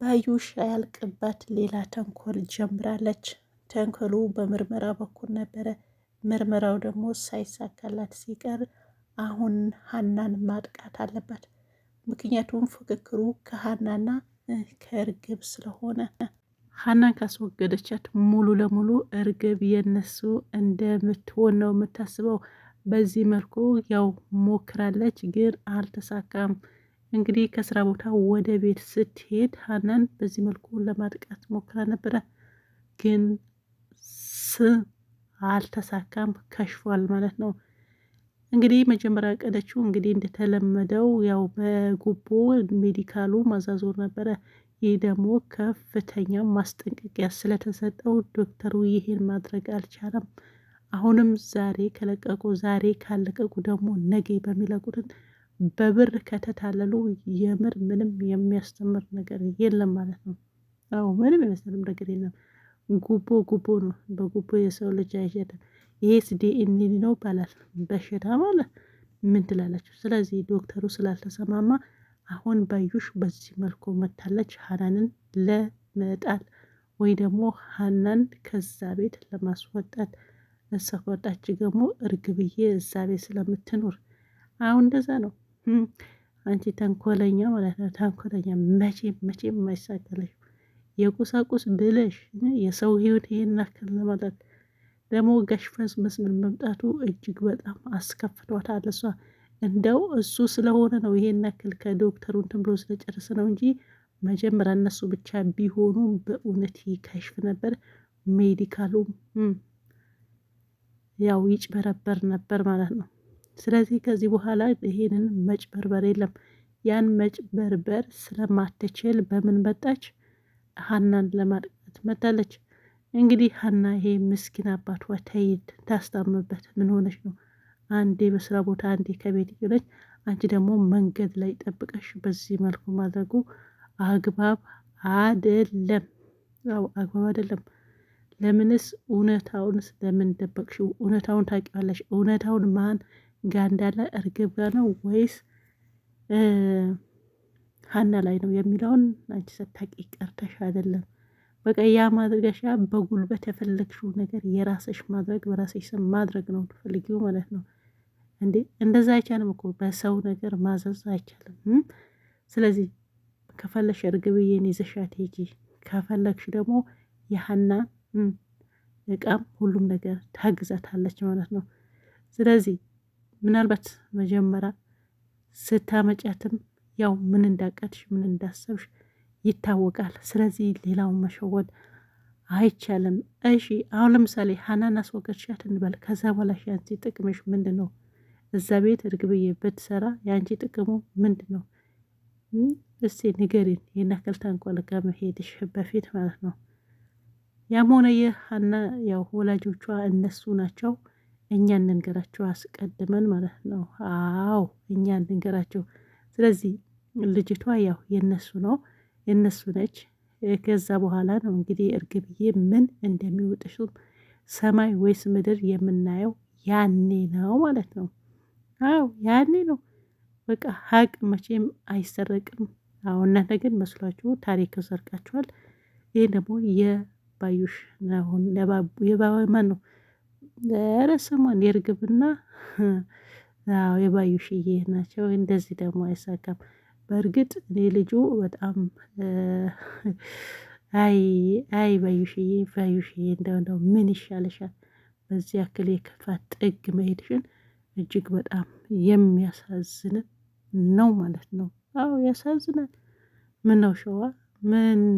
ባዩሽ አያልቅባት ሌላ ተንኮል ጀምራለች። ተንኮሉ በምርመራ በኩል ነበረ። ምርመራው ደግሞ ሳይሳካላት ሲቀር አሁን ሀናን ማጥቃት አለባት። ምክንያቱም ፍክክሩ ከሀናና ከእርግብ ስለሆነ ሀናን ካስወገደቻት ሙሉ ለሙሉ እርግብ የነሱ እንደምትሆን ነው የምታስበው። በዚህ መልኩ ያው ሞክራለች፣ ግን አልተሳካም። እንግዲህ ከስራ ቦታ ወደ ቤት ስትሄድ ሀናን በዚህ መልኩ ለማጥቃት ሞክራ ነበረ፣ ግን ስ አልተሳካም፣ ከሽፏል ማለት ነው። እንግዲህ መጀመሪያ ቀደችው እንግዲህ እንደተለመደው ያው በጉቦ ሜዲካሉ ማዛዞር ነበረ። ይህ ደግሞ ከፍተኛ ማስጠንቀቂያ ስለተሰጠው ዶክተሩ ይሄን ማድረግ አልቻለም። አሁንም ዛሬ ከለቀቁ ዛሬ ካለቀቁ ደግሞ ነገ በሚለቁትን በብር ከተታለሉ የምር ምንም የሚያስተምር ነገር የለም ማለት ነው። አዎ ምንም የሚያስተምር ነገር የለም። ጉቦ ጉቦ ነው። በጉቦ የሰው ልጅ አይሸጥም። ይሄስ ዲኤንኤ ነው ባላል በሽታ ማለት ምን ትላላችሁ? ስለዚህ ዶክተሩ ስላልተሰማማ አሁን ባዩሽ በዚህ መልኩ መታለች። ሀናንን ለመጣል ወይ ደግሞ ሀናን ከዛ ቤት ለማስወጣት እስከወጣች ደግሞ እርግብዬ እዛ ቤት ስለምትኖር አሁን እንደዛ ነው። አንቺ ተንኮለኛ ማለት ነው። ተንኮለኛ መቼም መቼ አይሳካልሽ። የቁሳቁስ ብለሽ የሰው ህይወት ይሄን ያክል ለማለት ደግሞ ጋሽ ፈንስ መምጣቱ እጅግ በጣም አስከፍቷታል። እሷ እንደው እሱ ስለሆነ ነው ይሄን ያክል ከዶክተሩ እንትን ብሎ ስለጨረሰ ነው እንጂ መጀመሪያ እነሱ ብቻ ቢሆኑ በእውነት ይከሽፍ ነበር። ሜዲካሉም ያው ይጭበረበር ነበር ማለት ነው። ስለዚህ ከዚህ በኋላ ይሄንን መጭበርበር የለም። ያን መጭበርበር ስለማትችል በምን መጣች? ሀናን ለማጥቃት መጣለች። እንግዲህ ሀና ይሄ ምስኪን አባቷ ተይድ ታስታምበት ምን ሆነች ነው? አንዴ በስራ ቦታ አንዴ ከቤት ይሆነች፣ አንቺ ደግሞ መንገድ ላይ ጠብቀሽ በዚህ መልኩ ማድረጉ አግባብ አደለም። ያው አግባብ አደለም። ለምንስ እውነታውን ለምን ደበቅሽው? እውነታውን ታውቂዋለሽ። እውነታውን ማን ጋር እንዳለ እርግብ ጋ ነው ወይስ ሀና ላይ ነው የሚለውን አንቺ ሳታቂ ቀርተሽ አይደለም። በቃ ያ ማድረግሽ በጉልበት የፈለግሽው ነገር የራስሽ ማድረግ በራስሽ ስም ማድረግ ነው ትፈልጊው ማለት ነው እንዴ? እንደዛ አይቻልም እኮ በሰው ነገር ማዘዝ አይቻልም። ስለዚህ ከፈለግሽ እርግብዬን ይዘሻት ሂጂ፣ ከፈለግሽ ደግሞ የሀና እቃም ሁሉም ነገር ታግዛታለች ማለት ነው። ስለዚህ ምናልባት መጀመሪያ ስታመጫትም ያው ምን እንዳቀድሽ ምን እንዳሰብሽ ይታወቃል። ስለዚህ ሌላውን መሸወድ አይቻልም። እሺ አሁን ለምሳሌ ሀናን አስወገድሻት እንበል። ከዛ በኋላ ያንቺ ጥቅምሽ ምንድን ነው? እዛ ቤት እርግብዬ ብትሰራ የአንቺ ጥቅሙ ምንድን ነው? እስቲ ንገሪን። የናከል ታንቆል ጋ መሄድሽ በፊት ማለት ነው። ያም ሆነ ይህ ሀና ያው ወላጆቿ እነሱ ናቸው። እኛ እንንገራቸው አስቀድመን ማለት ነው። አዎ እኛ እንንገራቸው። ስለዚህ ልጅቷ ያው የነሱ ነው የነሱ ነች። ከዛ በኋላ ነው እንግዲህ እርግብዬ ምን እንደሚውጥሽ ሰማይ ወይስ ምድር የምናየው ያኔ ነው ማለት ነው። አዎ ያኔ ነው በቃ ሀቅ መቼም አይሰረቅም። አዎ እናንተ ግን መስሏችሁ ታሪክ ሰርቃችኋል። ይህ ደግሞ የባዩሽ ነው የባማ ነው ኧረ ስሟን የእርግብና ያው የባዩሽዬ ናቸው። እንደዚህ ደግሞ አይሳካም። በእርግጥ እኔ ልጁ በጣም አይ አይ ባዩሽዬ ባዩሽዬ እንደው እንደው ምን ይሻልሻል በዚህ ያክል የክፋት ጥግ መሄድሽን እጅግ በጣም የሚያሳዝን ነው ማለት ነው። አዎ ያሳዝናል። ነው ሸዋ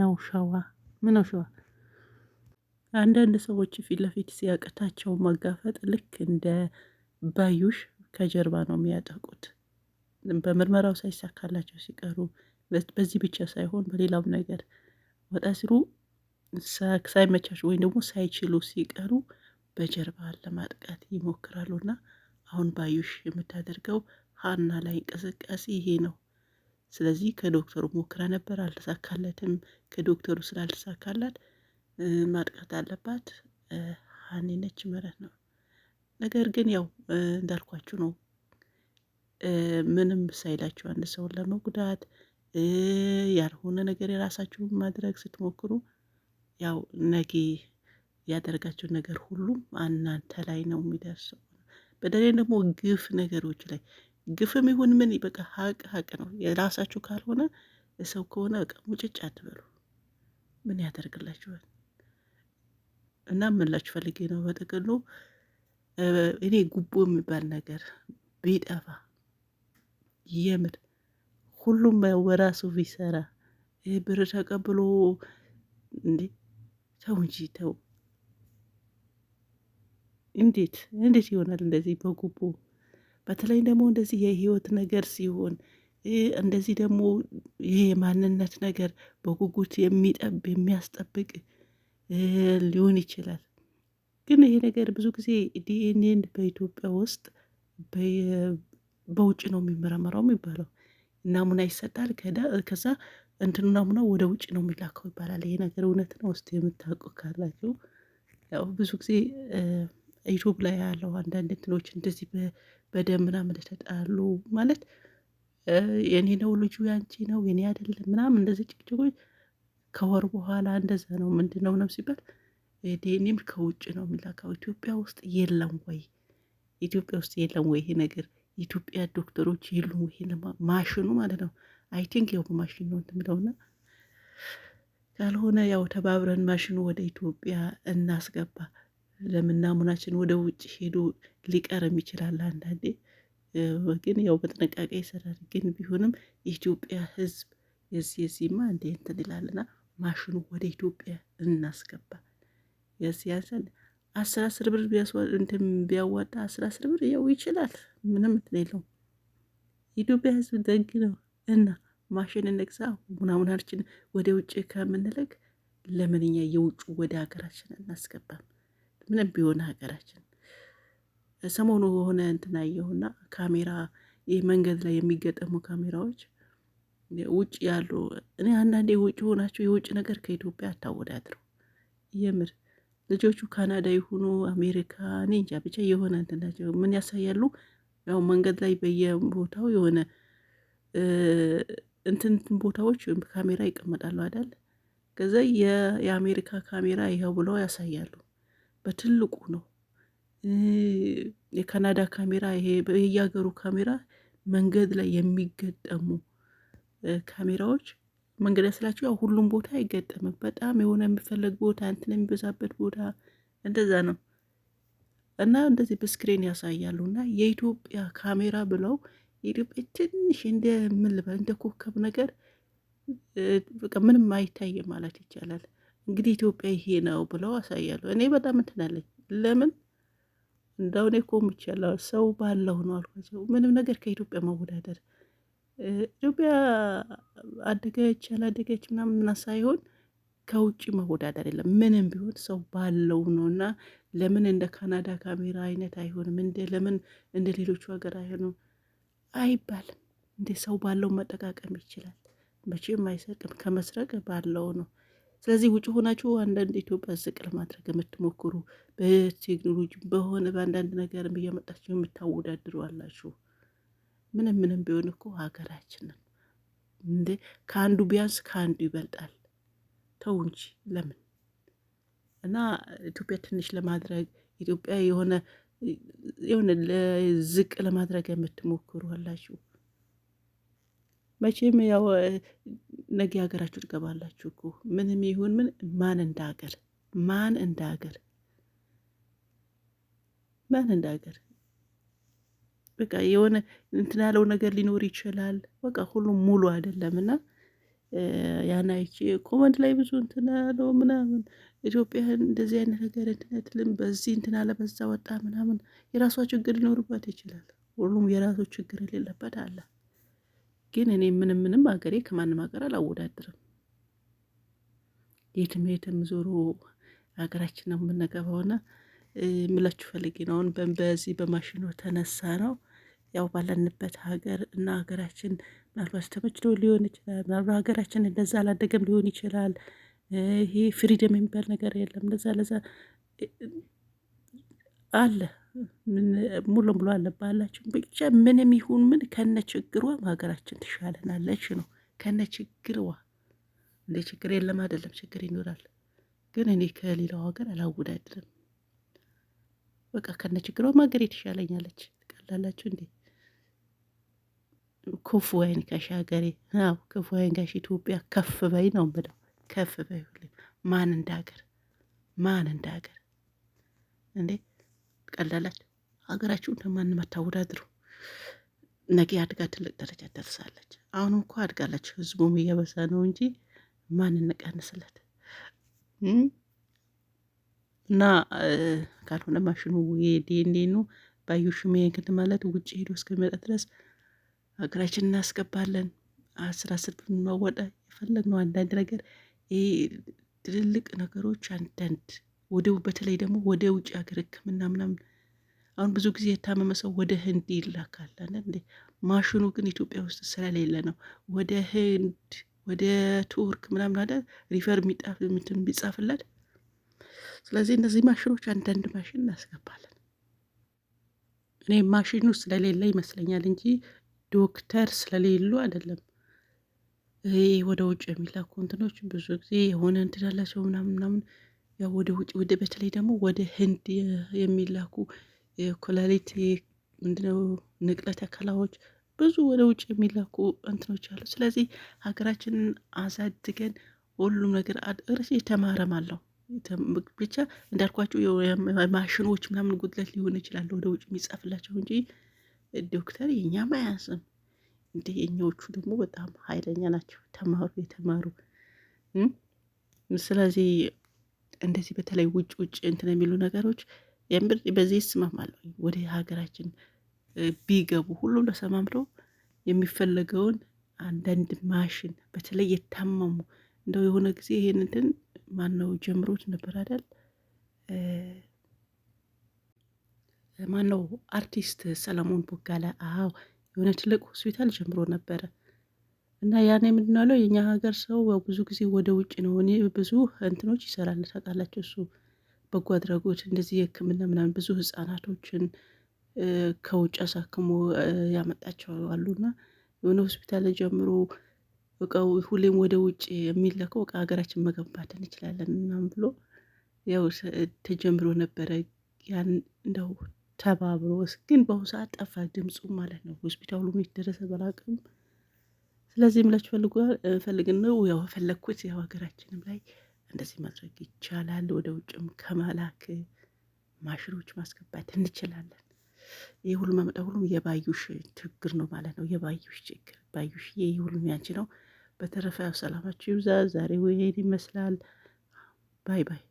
ነው ሸዋ ነው ሸዋ አንዳንድ ሰዎች ፊት ለፊት ሲያቅታቸው መጋፈጥ ልክ እንደ ባዩሽ ከጀርባ ነው የሚያጠቁት። በምርመራው ሳይሳካላቸው ሲቀሩ በዚህ ብቻ ሳይሆን በሌላም ነገር ወጣ ሲሉ ሳይመቻች ወይም ደግሞ ሳይችሉ ሲቀሩ በጀርባ ለማጥቃት ይሞክራሉና አሁን ባዩሽ የምታደርገው ሀና ላይ እንቅስቃሴ ይሄ ነው። ስለዚህ ከዶክተሩ ሞክራ ነበር፣ አልተሳካለትም። ከዶክተሩ ስላልተሳካላት ማጥቃት አለባት ሀኒ ነች ማለት ነው። ነገር ግን ያው እንዳልኳችሁ ነው። ምንም ሳይላችሁ አንድ ሰውን ለመጉዳት ያልሆነ ነገር የራሳችሁን ማድረግ ስትሞክሩ ያው ነገ ያደረጋችሁን ነገር ሁሉም እናንተ ላይ ነው የሚደርሰው። በተለይ ደግሞ ግፍ ነገሮች ላይ ግፍም ይሁን ምን በቃ ሀቅ ሀቅ ነው። የራሳችሁ ካልሆነ ሰው ከሆነ በቃ ሙጭጭ አትበሉ። ምን ያደርግላችኋል? እና ምላችሁ ፈልጌ ነው በጥቅሉ እኔ ጉቦ የሚባል ነገር ቢጠፋ የምር ሁሉም ወራሱ ቢሰራ ብር ተቀብሎ እንዴ ተው እንጂ ተው። እንዴት እንዴት ይሆናል እንደዚህ በጉቦ በተለይ ደግሞ እንደዚህ የህይወት ነገር ሲሆን እንደዚህ ደግሞ ይሄ የማንነት ነገር በጉጉት የሚጠብ የሚያስጠብቅ ሊሆን ይችላል። ግን ይሄ ነገር ብዙ ጊዜ ዲኤንኤን በኢትዮጵያ ውስጥ በውጭ ነው የሚመረመረው የሚባለው። ናሙና ይሰጣል። ከዛ እንትኑ ናሙና ወደ ውጭ ነው የሚላከው ይባላል። ይሄ ነገር እውነት ነው? ውስጥ የምታውቁ ካላችሁ ያው ብዙ ጊዜ ዩቱብ ላይ ያለው አንዳንድ እንትኖች እንደዚህ በደም ምናምን ተጣሉ ማለት የኔ ነው ልጁ ያንቺ ነው የኔ አይደለም ምናምን እንደዚህ ጭቅጭቆች ከወር በኋላ እንደዛ ነው ምንድን ነው ምናምን ሲባል ዲኤንኤም ከውጭ ነው የሚላከው። ኢትዮጵያ ውስጥ የለም ወይ? ኢትዮጵያ ውስጥ የለም ወይ? ይሄ ነገር የኢትዮጵያ ዶክተሮች የሉም ወይ? ማሽኑ ማለት ነው። አይ ቲንክ ያው ማሽን ነው እንትን ካልሆነ ያው ተባብረን ማሽኑ ወደ ኢትዮጵያ እናስገባ። ለምን ናሙናችን ወደ ውጭ ሄዶ ሊቀርም ይችላል አንዳንዴ። ግን ያው በጥንቃቄ ይሰራል። ግን ቢሆንም የኢትዮጵያ ሕዝብ የዚህ የዚህማ እንዴ እንትን ይላልና ማሽኑ ወደ ኢትዮጵያ እናስገባ። የሲያሰን አስር አስር ብር እንትን ቢያዋጣ አስር አስር ብር ያው ይችላል፣ ምንም እንትን የለውም። ኢትዮጵያ ህዝብ ደግ ነው እና ማሽን እንግዛ ምናምናችን ወደ ውጭ ከምንለግ ለምንኛ የውጭ ወደ ሀገራችን እናስገባም። ምንም ቢሆን ሀገራችን ሰሞኑ የሆነ እንትን አየሁና ካሜራ መንገድ ላይ የሚገጠሙ ካሜራዎች ውጭ ያሉ እኔ አንዳንዴ የውጭ ሆናችሁ የውጭ ነገር ከኢትዮጵያ አታወዳድሩ። የምር ልጆቹ ካናዳ የሆኑ አሜሪካ፣ እኔ እንጃ ብቻ የሆነ እንትን ናቸው። ምን ያሳያሉ? ያው መንገድ ላይ በየቦታው የሆነ እንትንትን ቦታዎች ካሜራ ይቀመጣሉ አይደል? ከዛ የአሜሪካ ካሜራ ይኸው ብለው ያሳያሉ። በትልቁ ነው የካናዳ ካሜራ። ይሄ የየሀገሩ ካሜራ መንገድ ላይ የሚገጠሙ ካሜራዎች መንገድ ስላቸው ያው ሁሉም ቦታ አይገጠምም። በጣም የሆነ የሚፈለግ ቦታ እንትን የሚበዛበት ቦታ እንደዛ ነው እና እንደዚህ በስክሪን ያሳያሉ እና የኢትዮጵያ ካሜራ ብለው የኢትዮጵያ ትንሽ እንደ ምን እንደ ኮከብ ነገር በቃ ምንም አይታይም ማለት ይቻላል። እንግዲህ ኢትዮጵያ ይሄ ነው ብለው አሳያሉ። እኔ በጣም እንትናለኝ ለምን እንደው እኔ ይቻላል ሰው ባለው ነው አልኳቸው። ምንም ነገር ከኢትዮጵያ መወዳደር ኢትዮጵያ አደገች ያላደገች ምናምን ምና ሳይሆን ከውጭ መወዳደር የለም። ምንም ቢሆን ሰው ባለው ነው እና ለምን እንደ ካናዳ ካሜራ አይነት አይሆንም? እንደ ለምን እንደ ሌሎቹ ሀገር አይሆንም አይባልም። እንደ ሰው ባለው መጠቃቀም ይችላል። መቼም አይሰርቅም፣ ከመስረቅ ባለው ነው። ስለዚህ ውጭ ሆናችሁ አንዳንድ ኢትዮጵያ ዝቅ ለማድረግ የምትሞክሩ በቴክኖሎጂ በሆነ በአንዳንድ ነገር እያመጣችሁ የምታወዳድሩ አላችሁ። ምንም ምንም ቢሆን እኮ ሀገራችንን እንዴ ከአንዱ ቢያንስ ከአንዱ ይበልጣል። ተው እንጂ ለምን እና ኢትዮጵያ ትንሽ ለማድረግ ኢትዮጵያ የሆነ የሆነ ዝቅ ለማድረግ የምትሞክሩ አላችሁ። መቼም ያው ነገ ሀገራችሁ ትገባላችሁ እኮ ምንም ይሁን ምን፣ ማን እንደ ሀገር ማን እንደ ሀገር ማን እንደ ሀገር በቃ የሆነ እንትን ያለው ነገር ሊኖር ይችላል። በቃ ሁሉም ሙሉ አይደለም እና ያን አይቼ ኮመንት ላይ ብዙ እንትን ያለው ምናምን ኢትዮጵያን እንደዚህ አይነት ነገር እንትን አትልም፣ በዚህ እንትን አለ፣ በዛ ወጣ ምናምን የራሷ ችግር ሊኖርባት ይችላል። ሁሉም የራሱ ችግር የሌለበት አለ። ግን እኔ ምንም ምንም ሀገሬ ከማንም ሀገር አላወዳድርም። የትም የትም ዞሮ ሀገራችን ነው የምንገባውና ምላችሁ ፈልጌ ነው። አሁን በዚህ በማሽኖ ተነሳ ነው ያው ባለንበት ሀገር እና ሀገራችን ምናልባት ተመችቶ ሊሆን ይችላል። ምናልባት ሀገራችን እንደዛ አላደገም ሊሆን ይችላል። ይሄ ፍሪደም የሚባል ነገር የለም። ለዛ ለዛ አለ ሙሉ ሙሉ አለ ብቻ ምንም ይሁን ምን ከነ ችግሯ ሀገራችን ትሻለናለች ነው። ከነ ችግሯ እንደ ችግር የለም አይደለም፣ ችግር ይኖራል። ግን እኔ ከሌላው ሀገር አላወዳድርም። በቃ ከነ ችግሯ ሀገሬ ትሻለኛለች። ትቀላላችሁ እንዴ? ክፉ አይን ከሽ ሀገሬ ክፉ አይን ከሽ ኢትዮጵያ ከፍ በይ ነው ብለው ከፍ በይ ሁሌ ማን እንዳገር ማን እንዳገር እንዴ ቀላላችሁ ሀገራችሁ እንደማን አታወዳድሩ። ነገ አድጋ ትልቅ ደረጃ ደርሳለች። አሁን እኮ አድጋለች፣ ህዝቡም እየበዛ ነው እንጂ ማን እንቀንስለት? እና ካልሆነ ማሽኑ ዲኤንኤኑ ባዩሽሜ ማለት ውጭ ሄዶ እስከሚመጣ ድረስ እግራችን እናስገባለን። አስር አስር ብንመወጠ የፈለግነው አንዳንድ ነገር ትልልቅ ነገሮች አንዳንድ ወደ በተለይ ደግሞ ወደ ውጭ ሀገር ሕክምና ምናምን አሁን ብዙ ጊዜ የታመመ ሰው ወደ ህንድ ይላካል። እንዴ ማሽኑ ግን ኢትዮጵያ ውስጥ ስለሌለ ነው። ወደ ህንድ ወደ ቱርክ ምናምን አለ ሪፈር የሚጣፍምትን ቢጻፍለት። ስለዚህ እነዚህ ማሽኖች አንዳንድ ማሽን እናስገባለን። እኔ ማሽኑ ስለሌለ ይመስለኛል እንጂ ዶክተር ስለሌሉ አይደለም። ይሄ ወደ ውጭ የሚላኩ እንትኖች ብዙ ጊዜ የሆነ እንትን አላቸው ምናምን ምናምን ያው ወደ ውጭ ወደ በተለይ ደግሞ ወደ ህንድ የሚላኩ የኮላሊት ምንድነው ንቅለ ተከላዎች ብዙ ወደ ውጭ የሚላኩ እንትኖች አሉ። ስለዚህ ሀገራችንን አሳድገን ሁሉም ነገር እርስ የተማረም አለው ብቻ እንዳልኳቸው ማሽኖች ምናምን ጉድለት ሊሆን ይችላል ወደ ውጭ የሚጻፍላቸው እንጂ ዶክተር የኛም አያንስም። እንዲህ የኛዎቹ ደግሞ በጣም ኃይለኛ ናቸው። ተማሩ የተማሩ ስለዚህ እንደዚህ በተለይ ውጭ ውጭ እንትን የሚሉ ነገሮች የምር በዚህ ይስማማለሁ። ወደ ሀገራችን ቢገቡ ሁሉም ተሰማምሮ የሚፈለገውን አንዳንድ ማሽን በተለይ የታመሙ እንደው የሆነ ጊዜ ይሄን እንትን ማነው ጀምሮት ነበር አይደል? ማነው አርቲስት ሰለሞን ቦጋለ አዎ የሆነ ትልቅ ሆስፒታል ጀምሮ ነበረ እና ያኔ ምንድን ያለው የእኛ ሀገር ሰው ብዙ ጊዜ ወደ ውጭ ነው እኔ ብዙ እንትኖች ይሰራል ታውቃላችሁ እሱ በጎ አድራጎት እንደዚህ የህክምና ምናምን ብዙ ህጻናቶችን ከውጭ አሳክሞ ያመጣቸው አሉና የሆነ ሆስፒታል ጀምሮ ሁሌም ወደ ውጭ የሚለከው እቃ ሀገራችን መገንባት እንችላለን ምናምን ብሎ ያው ተጀምሮ ነበረ ያን እንደው ተባብሮ ግን በአሁኑ ሰዓት ጠፋ ድምፁ ማለት ነው። ሆስፒታሉ የሚደረሰ በላቅም ስለዚህ የምላችሁ ፈልግ ነው ያው ፈለግኩት ያው ሀገራችንም ላይ እንደዚህ ማድረግ ይቻላል። ወደ ውጭም ከመላክ ማሽኖች ማስገባት እንችላለን። ይህ ሁሉ መምጣ ሁሉም የባዩሽ ችግር ነው ማለት ነው። የባዩሽ ችግር ባዩሽ፣ ይህ ሁሉም ያንቺ ነው። በተረፈ ያው ሰላማችሁ ይብዛ። ዛሬ ይሄን ይመስላል። ባይ ባይ።